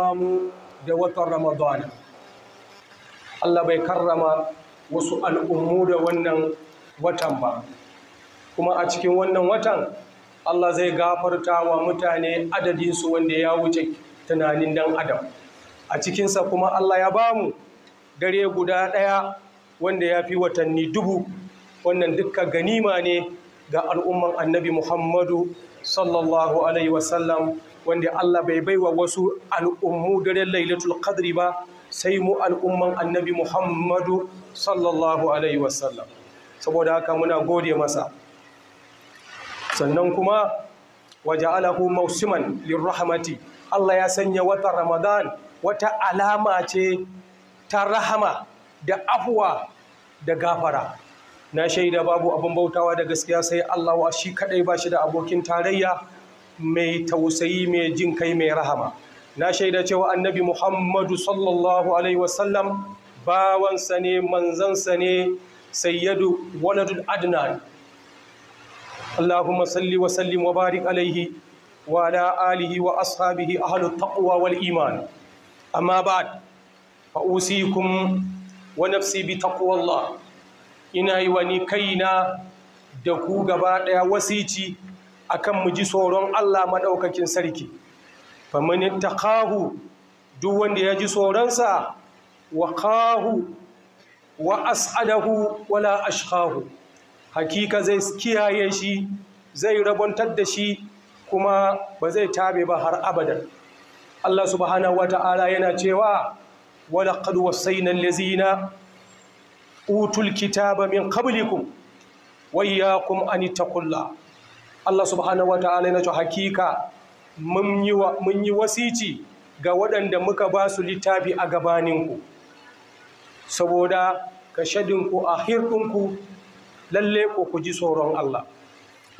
samu da watan ramadana Allah bai karrama wasu al'ummu da wannan watan ba kuma a cikin wannan watan Allah zai gafarta wa mutane adadinsu wanda ya wuce tunanin dan adam a cikinsa kuma Allah ya bamu dare guda ɗaya wanda ya fi watanni dubu wannan dukkan ganima ne ga al'umman annabi muhammadu sallallahu alaihi wasallam wanda Allah bai baiwa wasu al'ummu daren lailatul qadri ba sai mu al'umman annabi Muhammadu sallallahu alaihi wasallam saboda haka muna gode masa sannan kuma alahu mausiman lirrahmati Allah ya sanya wata Ramadan wata alama ce ta rahama da afuwa da gafara na shaida babu abin bautawa da gaskiya sai Allah wa shi kaɗai ba shi da abokin tarayya mai tausayi mai jin kai mai rahama na shaida cewa annabi muhammadu sallallahu alaihi wasallam bawansa ne manzansa ne sayyadu waladul adnan allahumma salli wa sallim wa barik alaihi wa ala alihi wa ashabihi ahlut taqwa wal iman amma ba'd fa usikum wa nafsi bi taqwallah ina yi wani kaina da ku gaba daya wasici akan mu ji tsoron Allah maɗaukakin sarki faman taqahu duk wanda ya ji tsoronsa wa qahu wa as'adahu wala ashqahu hakika zai kiyaye shi zai rabontar da shi kuma ba zai tabe ba har abada Allah subhanahu wata'ala yana cewa walaqad wasaina allazina utul kitaba min qablikum wayyakum an taqullah Allah subhanahu ta'ala na cewa hakika mun yi wasici ga waɗanda muka ba su littafi a gabaninku saboda ka shadinku a hirɗinku lalle ko ku ji tsoron Allah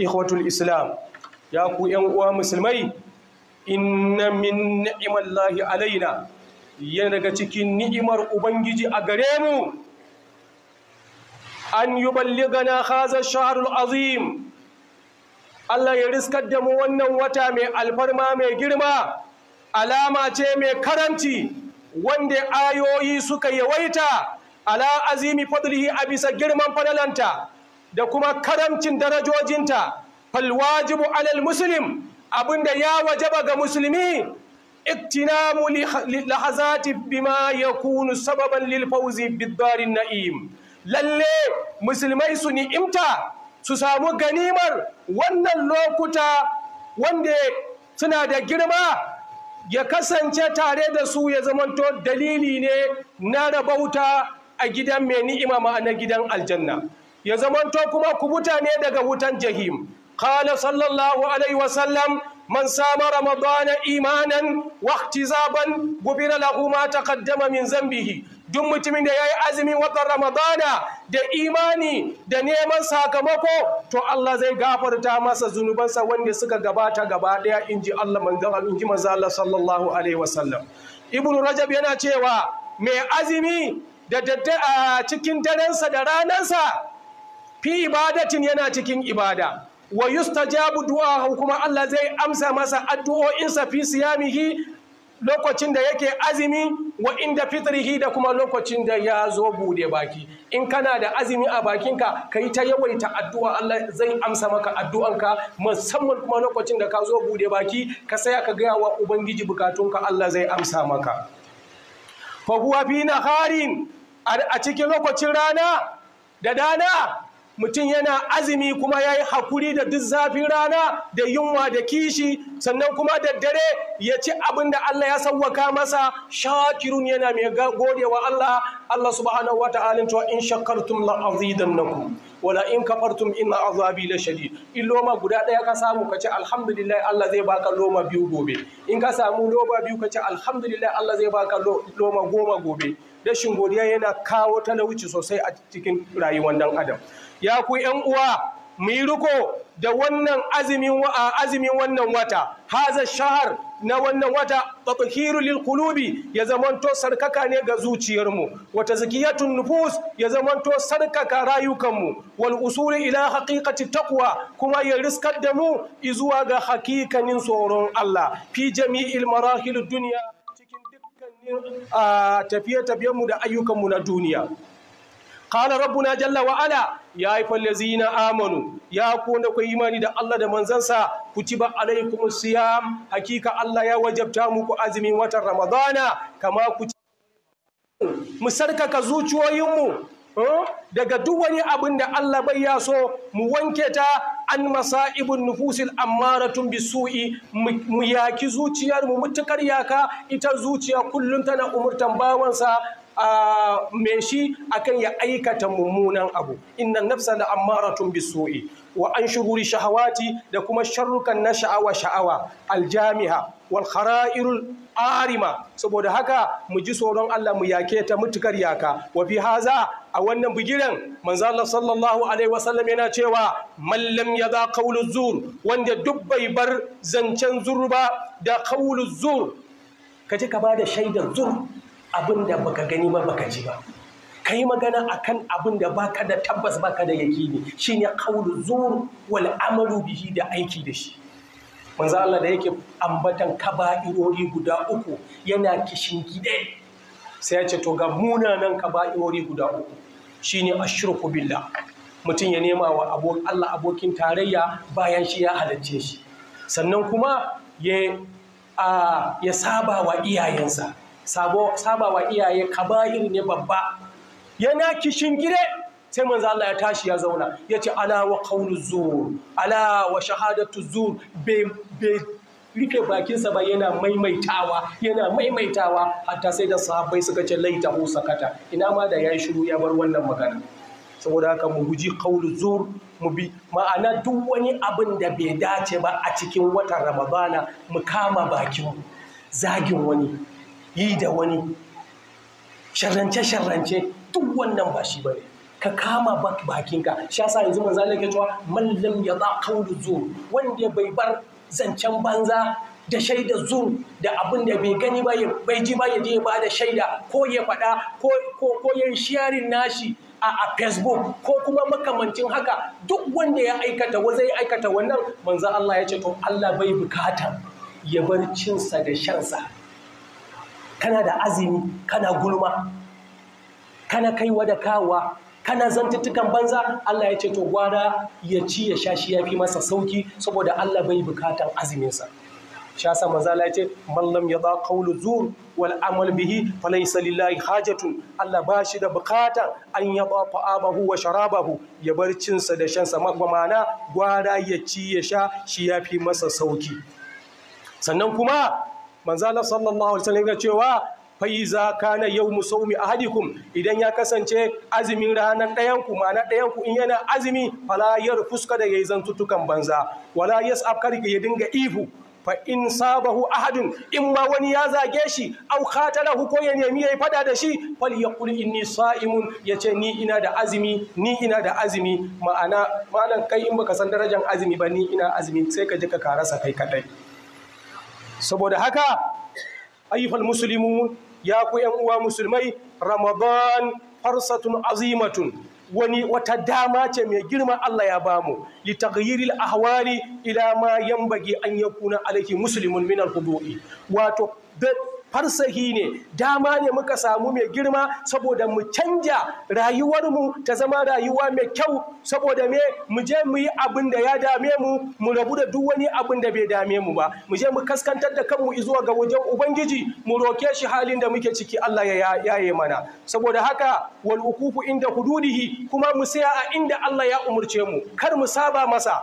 ikhwatul islam ya ku ‘yan uwa musulmai inna min lahi alaina yana daga cikin ni'imar ubangiji a gare mu an yi balligana hazar shaharul azim Allah ya riskar da mu wannan wata mai alfarma mai girma alama ce mai karamci wanda ayoyi suka yawaita ala azimi fadlihi a bisa girman fadalanta da kuma karamcin darajojinta falwajibu alal muslim abinda ya wajaba ga musulmi iktinamu lahazati bima yakunu sababan lil fawzi bid darin na'im lalle musulmai su ni'imta su samu ganimar wannan lokuta wanda suna da girma ya kasance tare da su ya zamanto dalili ne na rabauta a gidan mai ni'ima ma'ana gidan aljanna ya zamanto kuma kubuta ne daga wutan jahim qala sallallahu alaihi wasallam man sama ramadana imanan wa zaban, gubira lahu ma taqaddama min zambihi duk mutumin da ya yi azumin watan ramadana da imani da neman sakamako to Allah zai gafarta masa zunubansa wanda suka gabata gaba daya in ji Allah in ji Allah sallallahu alaihi wasallam ibn rajab yana cewa mai azumi da dadda cikin darensa da ranansa fi ibadatin yana cikin ibada wa yustajabu du'a kuma Allah zai amsa masa addu'o'insa fi siyamihi lokacin da yake azumi wa inda fitrihi da kuma lokacin da ya zo bude baki in kana da azumi a bakinka ka yi ta yawaita addu'a Allah zai amsa maka addu'anka musamman kuma lokacin da ka zo bude baki ka saya ka gaya wa ubangiji bukatunka Allah zai amsa maka fa huwa fi naharin a cikin lokacin rana da dana mutum yana azumi kuma ya yi hakuri da duk zafin rana da yunwa da kishi sannan kuma da dare ya ci abin da Allah ya sauwaka masa shakirun yana mai wa Allah Allah subhanahu wa ta'ala cewa in shakartum la naku. wala in kafartum inna azabi la shadid in loma guda daya ka samu ka ce alhamdulillah Allah zai baka loma biyu gobe in ka samu loma biyu ka ce alhamdulillah Allah zai baka loma goma gobe rashin godiya yana kawo talauci sosai a cikin rayuwar dan adam ya ku ‘yan uwa mu yi riko da wannan azumin wannan wata haza shahar na wannan wata tatkhiru lil qulubi ya zamanto sarkaka ne ga zuciyar mu wa tazkiyatun nufus ya zamanto sarkaka rayukan mu wal usuli ila haqiqati taqwa kuma ya riskar da mu zuwa ga hakikanin tsoron Allah fi jami'il marahilud duniya cikin dukkanin tafiye-tafiyenmu da ayyukanmu na duniya Rabbu na jalla wa ala ya ayyuhallazina amanu ya ku da ku imani da Allah da manzansa kutiba alaikumus siyam hakika Allah ya wajabta muku azumin watan ramadana kama ku mu sarkaka zuciyoyinmu eh, daga duk wani abin da Allah bai ya so mu wanke ta an masa Ibin nufusil ammaratun bisu'i mu yaki zuciyar mu mutukar yaka ita zuciya kullum tana umurtan bawansa me shi akan ya aikata mummunan abu innan nafsa mara ammaratun bisu'i wa an shuguri shahawati da kuma sharrukan na sha'awa sha'awa aljamiha wal khara'irul arima saboda haka mu ji tsoron Allah mu yake ta mutukar yaka wa fi haza a wannan bigiran manzo Allah sallallahu alaihi wasallam yana cewa man lam yada qawlu zur wanda duk bai bar zancen zurba ba da qawlu zur kaje ka bada shaidar zur abin da baka gani ba baka ji ba ka yi magana akan abin da baka da tabbas baka da yakini shine qawlu zur wal amalu bihi da aiki da shi manzo Allah da yake ambatan kaba'irori guda uku yana kishin gida. sai ya ce to ga munanan kaba'irori guda uku shine ashirku billah mutum ya nema wa Allah abokin tarayya bayan shi ya halarce shi sannan kuma ya saba wa iyayensa sabawa iyaye kaba'ir ne babba yana kishin gire sai manzo Allah ya tashi ya zauna yace ala wa qawlu zur ala wa shahadatu zur be be rike bakinsa ba yana maimaitawa yana maimaitawa hatta sai da sahabbai suka ce laita hu sakata ina ma da yayi shiru ya bar wannan magana saboda haka mu guji qawlu zur mu bi ma'ana duk wani abin da bai dace ba a cikin watan ramadana mu kama bakin zagin wani yi da wani sharrance-sharrance duk wannan ba shi ba ne ka kama bakinka shi yasa yanzu manzo Allah ke cewa mallam ya ba kaulu zur wanda bai bar zancen banza da shaida zur da abin da bai gani ba bai ji ba ya je ba da shaida ko ya faɗa ko ko yin sharing nashi a Facebook ko kuma makamancin haka duk wanda ya aikata wa zai aikata wannan manzo Allah ya ce to Allah bai bukata ya bar cinsa da shansa kana da azumi kana gulma kana kaiwa da kawa kana zantuttukan banza Allah ya ce to gwara ya ci ya sha shi ya fi masa sauki saboda Allah bai bukatan azuminsa sha sa manzo Allah ya ce mallam ya ba qawlu zur wal amal bihi laysa lillahi hajatun Allah ba shi da bukatan an ya ba fa'abahu wa sharabahu ya bar cinsa da shansa mana gwara ya ci ya sha shi ya fi masa sauki sannan kuma manzala sallallahu alaihi wasallam cewa faiza kana yawmu sawmi ahadikum idan ya kasance azumin ranar ɗayan ku ma'ana ɗayan ku in yana azumi fala fuska da yayi zantutukan banza wala yas'ab kar ya dinga ihu fa in sabahu ahadun in ma wani ya zage shi au khatalahu ko ya nemi yayi fada da shi fal yaqul inni sa'imun yace ni ina da azumi ni ina da azumi ma'ana malan kai in baka san darajar azumi ba ni ina azumi sai ka je ka karasa kai kadai saboda haka ayyuhal muslimun ya ku yan uwa musulmai ramadan farsatun azimatun wani wata dama ce mai girma Allah ya bamu li taghyiril ahwali ila ma yanbaghi an yakuna alaihi muslimun min al wato farsahi ne dama ne muka samu mai girma saboda mu canja rayuwarmu ta zama rayuwa mai kyau saboda me mu je mu yi abin da ya dame mu mu rabu da duk wani abin da bai dame mu ba mu je mu kaskantar da kanmu zuwa ga wajen ubangiji mu roke shi halin da muke ciki Allah ya yaye mana saboda haka wal ukufu inda hududihi kuma mu saya a inda Allah ya umurce mu kar mu saba masa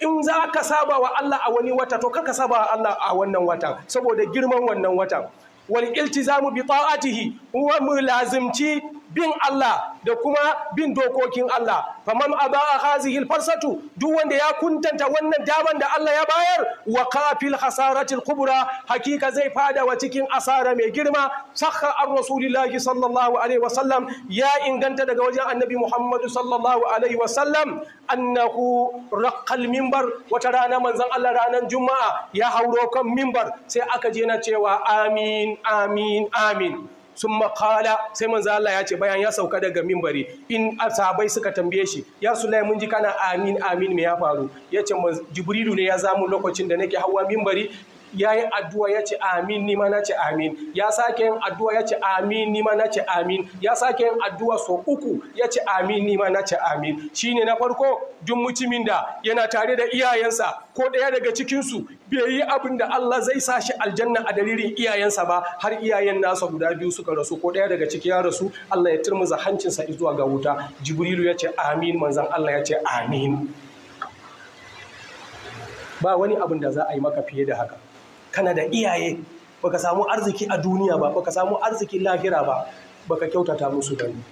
in za ka saba wa Allah a wani wata to kaka saba wa Allah a wannan watan saboda girman wannan watan wal iltizamu bi ta'atihi huwa mulazimci bin Allah da kuma bin dokokin Allah faman aba hazihi farsatu duk wanda ya kuntanta wannan daman da Allah ya bayar wa kafil hasaratil kubra hakika zai fada wa cikin asara mai girma sakha ar rasulillahi sallallahu alaihi sallam ya inganta daga wajen annabi muhammadu sallallahu alaihi sallam. annahu raqqal minbar wata rana manzon Allah ranar juma'a ya hauro kan minbar sai aka je na cewa amin amin amin sun makala sai manzo Allah ya ce bayan ya sauka daga mimbari in sahabai suka tambaye shi ya sulai mun ji kana amin amin me ya faru ya ce jibrilu ne ya zamu lokacin da nake hawa mimbari ya yi addu'a ya ce amin nima na ce amin ya sake yin addu'a ya ce amin nima na ce amin ya sake yin addu'a so uku ya ce amin nima na ce amin shi ne na farko duk mutumin da yana tare da iyayensa ko ɗaya daga cikinsu bai yi abin da Allah zai sa shi aljanna a dalilin iyayensa ba har iyayen nasa guda biyu suka rasu ko ɗaya daga ciki ya rasu Allah ya turmuza hancinsa zuwa ga wuta jibrilu ya ce amin manzan Allah ya ce amin ba wani abin da za a yi maka fiye da haka kana da iyaye baka samu arziki a duniya ba baka samu arziki lahira ba baka kyautata musu da ni.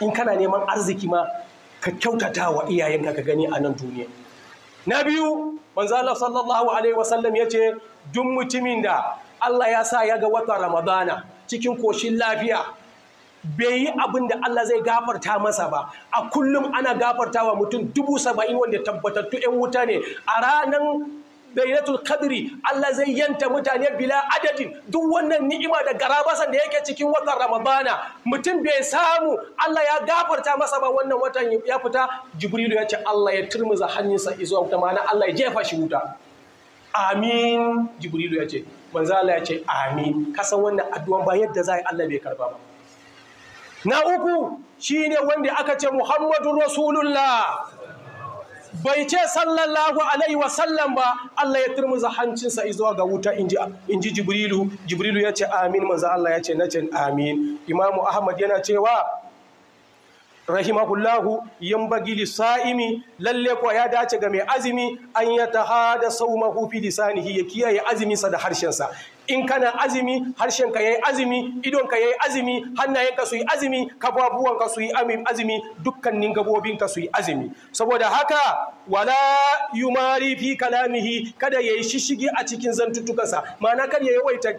in kana neman arziki ma ka kyautata wa iyayenka ka gani a nan duniya na biyu manzo Allah sallallahu alaihi wasallam yace duk mutumin da Allah ya sa ya ga wata Ramadana cikin koshin lafiya bai yi abin da Allah zai gafarta masa ba a kullum ana gafarta wa mutum dubu saba'in wanda tabbatattu 'yan wuta ne a ranar lailatul qadri Allah zai yanta mutane bila adadin duk wannan ni'ima da garabasan da yake cikin watan ramadana mutum bai samu Allah ya gafarta masa ba wannan watan ya fita jibrilu ya ce Allah ya turmuza hannunsa izuwa ta mana Allah ya jefa shi wuta amin jibrilu ya ce manzo Allah ya ce amin kasan wannan addu'an ba yadda zai Allah bai karba ba na uku shine wanda aka ce muhammadur rasulullah bai ce sallallahu alaihi wasallam ba Allah ya turmuza hancinsa izuwa ga wuta inji jibrilu jibrilu ya ce amin manzo Allah ya ce nace amin imamu ahmad yana cewa rahimahullahu bagili sa'imi lalle ko ya dace ga mai azumi an yata sau saumahu fi lisanihi ya kiyaye azumin da harshen sa in kana azumi harshen ka yayi azumi idonka yayi azumi ka su yi azumi kababuwanka su yi azumi dukkanin ka su yi azumi saboda haka wala yumari fi kalamihi kada yayi shishigi a cikin zantutukansa ma'ana kar ya yawaita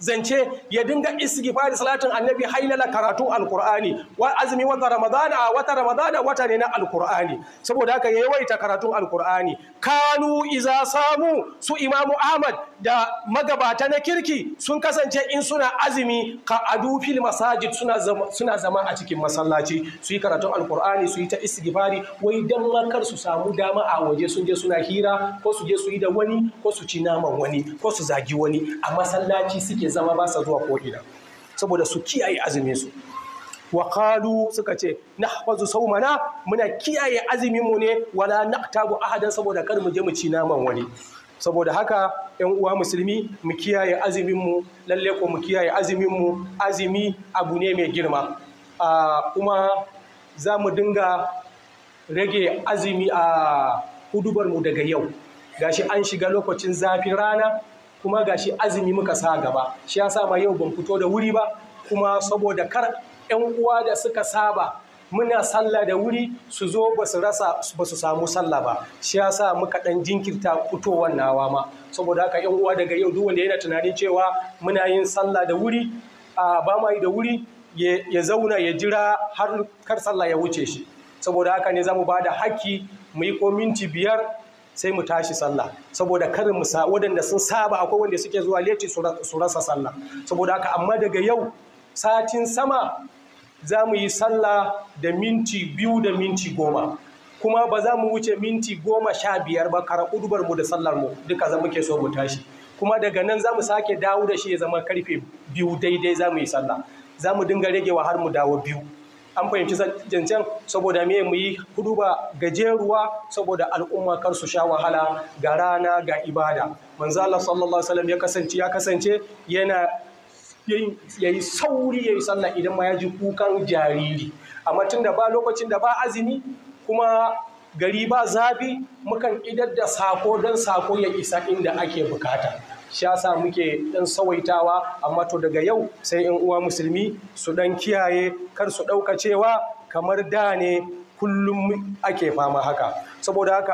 zance ya dinga fari salatin annabi hailala karatu alqur'ani wa azmi wata ramadana wata ramadana wata ne na alqur'ani saboda haka yawaita karatun alqur'ani kanu iza samu su imamu ahmad da magabata na kirki sun kasance in suna azumi ka adu fil masajid suna zama, suna zama a cikin masallaci su yi karatun alqur'ani su yi ta istighfari wai dan makar su samu dama a waje sun je suna hira ko su je su yi da wani ko su ci naman wani ko su zagi wani a masallaci suke zama ba sa zuwa ko'ina saboda su kiyaye azumin su wa suka ce nahfazu mana muna kiyaye azumin mu ne wala naqtabu ahadan saboda kar mu je mu ci naman wani saboda haka yan uwa musulmi mu kiyaye azumin mu lalle ko mu kiyaye azumin mu azumi abu ne mai girma kuma za mu dinga rage azumi a hudubarmu daga yau gashi an shiga lokacin zafin rana kuma gashi azumi muka sa gaba shi ya sa ma yau ban fito da wuri ba kuma saboda kar yan uwa da suka saba muna sallah da wuri su zo ba su rasa ba su samu sallah ba shi ya sa muka dan jinkirta fitowar nawa ma saboda haka yan uwa daga yau duk wanda yana tunanin cewa muna yin sallah da wuri a ba ma da wuri ya zauna ya jira har kar sallah ya wuce shi saboda haka ne za mu ba da haƙƙi mu yi ko minti biyar sai mu tashi sallah saboda karin mu waɗanda sun saba akwai wanda suke zuwa leti su rasa sallah saboda haka amma daga yau satin sama za mu yi sallah da minti biyu da minti goma kuma ba za mu wuce minti goma sha biyar ba kara udubar mu da sallar mu duka za muke so mu tashi kuma daga nan za mu sake dawo da shi ya zama karfe biyu daidai za mu yi sallah za mu dinga ragewa har mu dawo biyu an fahimci zancen saboda me mu yi hudu ba gajeruwa saboda al'umma kar su sha wahala ga rana ga ibada manzo Allah sallallahu alaihi wasallam ya kasance ya kasance yana yayi sauri yayi sallah idan ma ya ji kukan jariri amma tun ba lokacin da ba azumi kuma gari ba zafi mukan idar da sako don sako ya isa inda ake bukata shi yasa muke ɗan sawaitawa amma to daga yau sai yan uwa musulmi su ɗan kiyaye kar su ɗauka cewa kamar da ne kullum ake fama haka saboda haka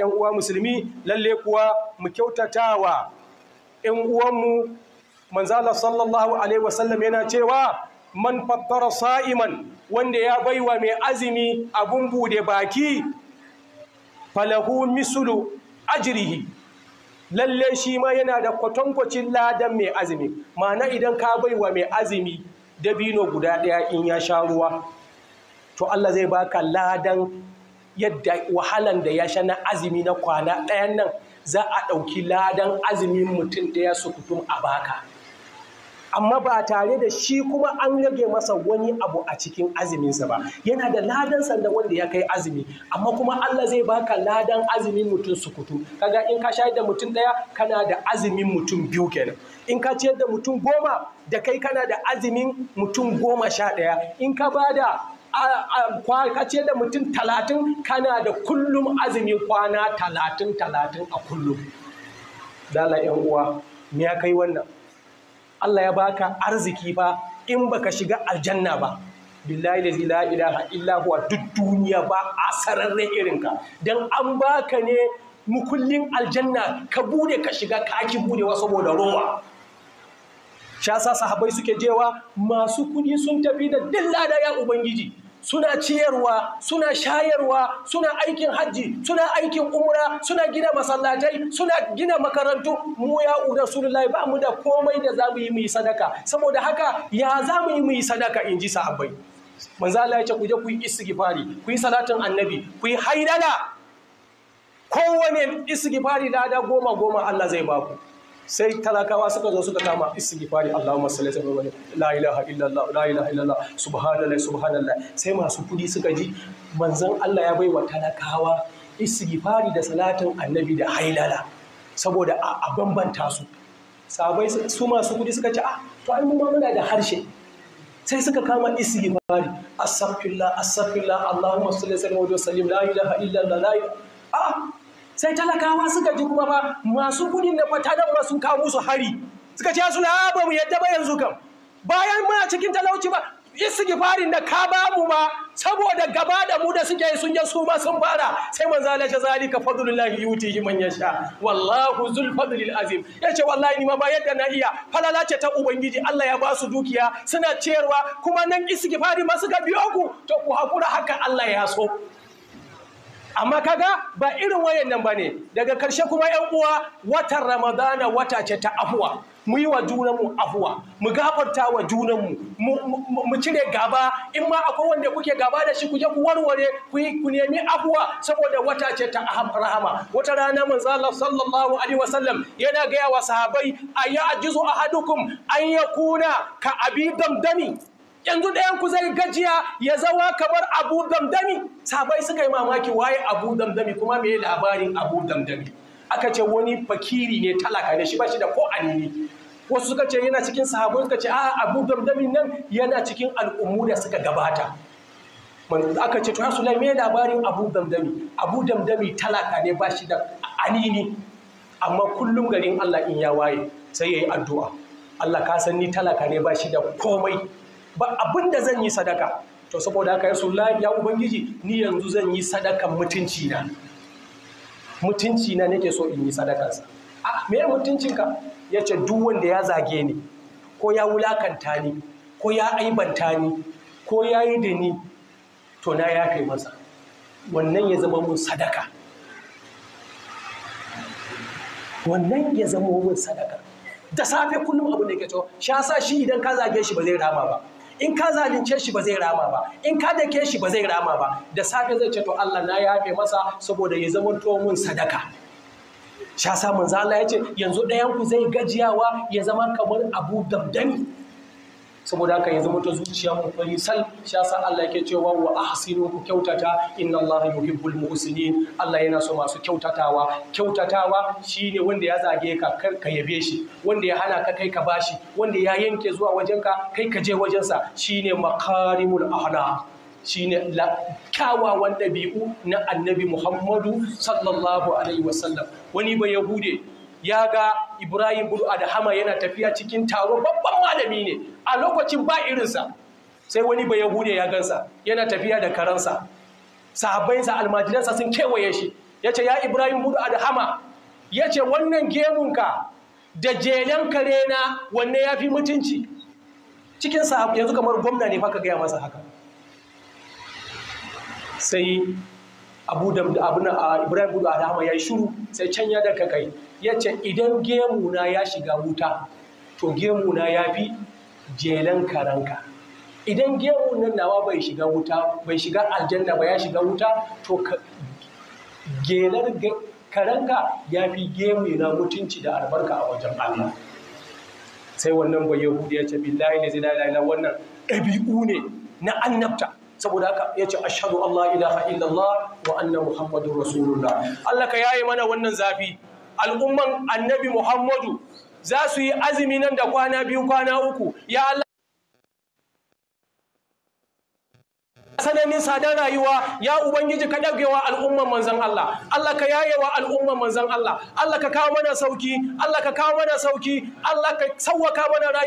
yan uwa musulmi lalle kuwa mu kyautatawa yan uwanmu manzala sallallahu alaihi wasallam yana cewa man fattara sa'iman wanda ya baiwa mai azumi abun bude baki falahu misulu ajrihi lalle shi ma yana da kwatankwacin ladan mai azumi ma'ana idan ka bai wa mai azumi dabino guda ɗaya in ya sha ruwa to Allah zai baka ladan yadda wahalan da ya sha na azumi na kwana ɗayan nan za a ɗauki ladan azumin mutum ɗaya su kutum a baka amma ba tare da shi kuma an rage masa wani abu a cikin aziminsa ba yana da ladan sanda wanda ya kai azumi amma kuma Allah zai baka ladan azumin mutum sukutu kaga in ka shayar da mutum daya kana da azumin mutum biyu kenan in ka ciyar da mutum goma da kai kana da azumin mutum goma sha ɗaya in ka ba da ka ciyar da mutum talatin kana da kullum azumin kwana talatin talatin a kullum dala yan uwa me ya kai wannan Allah ya baka arziki ba in baka shiga aljanna ba billahi la ilaha illa huwa duk duniya ba a sararren irinka dan an baka ne mukullin aljanna ka bude ka shiga kaki budewa saboda ruwa. sha sa sahabai suke jewa masu kudi sun tafi da dilla da ya ubangiji suna ciyarwa suna shayarwa suna aikin hajji suna aikin umra suna gina masallatai suna gina makarantu mu ya rasulullahi ba mu da komai da za mu yi mu sadaka saboda haka ya za mu yi mu sadaka in ji sahabbai manzo Allah ya ce ku je ku yi istighfari ku yi salatin annabi ku yi haidala kowane istighfari da da goma goma Allah zai ba ku sai talakawa suka zo suka kama istighfari Allahumma salli alaihi la ilaha illallah la ilaha illallah subhanallah subhanallah sai masu kudi suka ji manzon Allah ya bai wa talakawa istighfari da salatin annabi da hailala saboda a bambanta su sabai su masu kudi suka ce ah to ai mun muna da harshe sai suka kama istighfari astaghfirullah astaghfirullah Allahumma salli alaihi wa sallam la ilaha illallah la ilaha ah sai talakawa suka ji kuma fa masu kudin da fatanarwa sun kawo musu hari suka ce suna ah, ba mu yadda ba yanzu kam bayan muna cikin talauci ba istighfarin da ka ba mu ba saboda gaba da mu da suke sun yi su ma sun fara sai manzo Allah ya zalika fadlullahi yutihi man yasha wallahu zul fadlil azim yace wallahi ni ma ba yadda na iya falala ce ta ubangiji Allah ya ba su dukiya suna ciyarwa kuma nan istighfari ma suka biyo ku to ku hakura haka Allah ya so amma kaga ba irin wayan nan ne. daga karshe kuma yan uwa watan ramadana wata ce ta afuwa mu yi wa junanmu afuwa mu gafarta wa junanmu mu cire gaba in ma akwai wanda kuke gaba da shi ku je ku warware ku nemi afuwa saboda wata ce ta rahama wata rana manzo Allah sallallahu alaihi wasallam yana ga wa sahabbai ayya ajizu ahadukum an yakuna ka abi damdami yanzu ɗayan ku zai gajiya ya zawa kamar abu damdami sabai suka yi mamaki waye abu damdami kuma me labarin abu damdami aka ce wani fakiri ne talaka ne shi ba shi da ko anini wasu suka ce yana cikin sahabu suka ce a abu damdami nan yana cikin al'ummu da suka gabata aka ce tuwa ya sulai me labarin abu damdami abu damdami talaka ne ba da anini amma kullum garin Allah in ya waye sai ya yi addu'a Allah ka san ni talaka ne ba da komai ba abin da zan yi sadaka to saboda haka ya sulla ya ubangiji ni yanzu zan yi sadakan mutunci na mutunci na nake so in yi sadakansa a me mutuncinka ya ce duk wanda ya zage ni ko ya wulakanta ni ko ya aibanta ni ko ya yi da ni to na ya kai masa wannan ya zama mun sadaka wannan ya zama mun sadaka da safe kullum abu da ke cewa shi idan ka zage shi ba zai rama ba in ka zalunce shi ba zai rama ba in ka dake shi ba zai rama ba da safe zai ce to Allah na yafe masa saboda ya zama to mun sadaka sha samun manzo Allah ya ce yanzu ɗayan ku zai gajiyawa ya zama kamar Abu Dabdani saboda haka ya zama ta zuciya mu fari sal sha yasa Allah yake cewa wa ahsinu ku kyautata inna Allah yuhibbul muhsinin Allah yana so masu kyautatawa kyautatawa shine wanda ya zage ka kar ka yabe shi wanda ya hana ka kai ka bashi wanda ya yanke zuwa wajenka kai ka je wajensa shine makarimul ahlaq shine kyawawan ɗabi'u na annabi Muhammadu sallallahu alaihi wasallam wani ba Yahude ya ga Ibrahim Bulu Adahama yana tafiya cikin taro babban malami ne a lokacin ba irinsa sai wani bai yahude ya gansa yana tafiya da karansa sahabbainsa almajiransa sun kewaye shi ya ce ya Ibrahim Bulu adahama ya ce wannan gemunka da jelen kare na wanne ya fi mutunci cikin yanzu kamar gwamna ne fa ka gaya masa haka sai abu da abin ah, ibrahim budu adama ya yi shuru sai can ya daga kai ya ce idan gemuna ya shiga wuta to gemuna ya fi jelen karanka idan gemun nan nawa bai shiga wuta bai shiga aljanna ba ya shiga wuta to gelar karanka ya fi gemu na mutunci da albarka a wajen Allah sai wannan bai yahudi ya ce billahi ne zai wannan ɗabi'u ne na annabta saboda haka ya ce ashadu Allah ilaha illallah wa anna Muhammadu rasulullah Allah ka yaye mana wannan zafi al'umman annabi muhammadu za su yi azumi nan da kwana biyu kwana uku ya Allah sananin sadar rayuwa ya ubangiji ka ɗaukewa al'umman manzan Allah Allah ka yayewa al'umman manzan Allah Allah ka kawo mana sauki Allah ka kawo mana sauki Allah ka sauwaka mana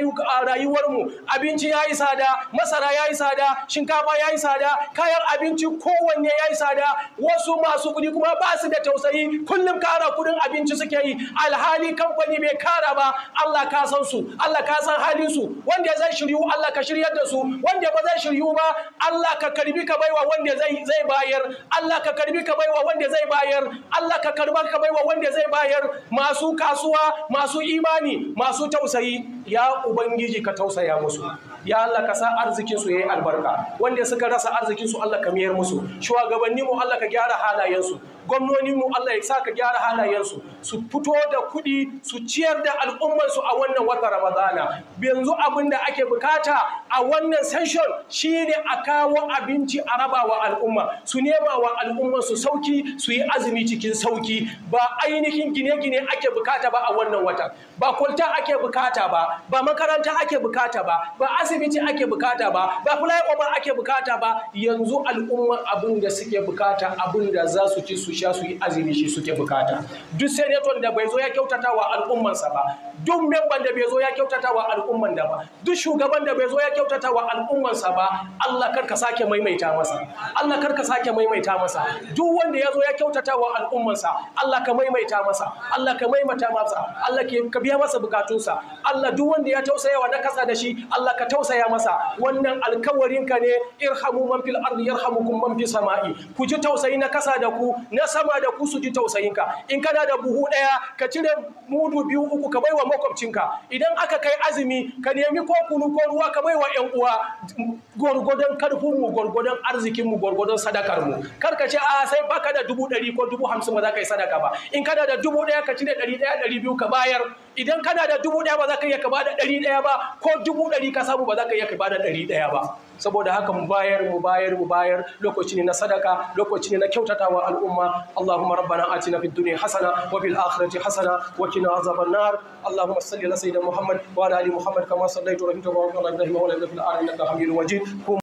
rayuwar mu abinci yayi yi sada masara yayi yi sada shinkafa yayi yi sada kayan abinci kowanne yayi yi sada wasu masu kuɗi kuma ba su da tausayi kullum kara kuɗin abinci suke yi alhali kamfani bai kara ba Allah ka san su Allah ka san halin su wanda zai shiryu Allah ka shiryar da su wanda ba zai shiryu ba Allah ka karbi ka baiwa wanda zai bayar Allah ka karbi ka baiwa wanda zai bayar Allah ka karba ka baiwa wanda zai bayar masu kasuwa masu imani masu tausayi ya ubangiji ka tausaya musu ya Allah ka sa arzikin su yayi albarka wanda suka rasa arzikin su Allah ka miyar musu shugabanni mu Allah ka gyara halayen su gwamnoninmu Allah ya sa ka gyara halayensu su fito da kuɗi su ciyar da al'ummarsu a wannan wata ramadana yanzu abin da ake bukata a wannan session shine a kawo abinci a rabawa al'umma su nema wa al'ummarsu sauki su yi azumi cikin sauki ba ainihin gine-gine ake bukata ba a wannan wata ba kwalta ake bukata ba ba makaranta ake bukata ba ba asibiti ake bukata ba ba flyover ake bukata ba yanzu al'ummar abin da suke bukata abin da za su ci su sha su yi azumi shi suke bukata duk senator da bai zo ya kyautata wa al'ummansa ba duk memban da bai zo ya kyautata wa al'umman da ba duk shugaban da bai zo ya kyautata wa al'ummansa ba Allah kar ka sake maimaita masa Allah kar ka sake maimaita masa duk wanda ya zo ya kyautata wa al'ummansa Allah ka maimaita masa Allah ka maimaita masa Allah ka biya masa bukatunsa Allah duk wanda ya tausaya wa na kasa da shi Allah ka tausaya masa wannan alkawarin ka ne irhamu man fil ardi yarhamukum man fis sama'i ku ji tausayi na kasa da ku na na sama da ku su ji tausayinka in kana da buhu ɗaya ka cire mudu biyu uku ka baiwa makwabcinka idan aka kai azumi ka nemi ko kunu ko ruwa ka baiwa ƴan uwa gwargwadon karfin mu gwargwadon arzikin mu gwargwadon sadakar mu kar ka ce a sai baka da dubu ɗari ko dubu hamsin ba za ka yi sadaka ba in kana da dubu ɗaya ka cire ɗari ɗaya ɗari biyu ka bayar idan kana da dubu ɗaya ba za ka iya ka bada ɗari ɗaya ba ko dubu ɗari ka samu ba za ka iya ka bada ɗari ɗaya ba saboda haka mu bayar mu bayar mu bayar lokaci ne na sadaka lokaci ne na kyautatawa al'umma Allahumma rabbana atina fid dunya hasana wa fil akhirati hasana wa qina azaban nar Allahumma salli ala sayyidina Muhammad wa ala ali Muhammad kama sallaita ala ibrahim wa ala ibrahim innaka majid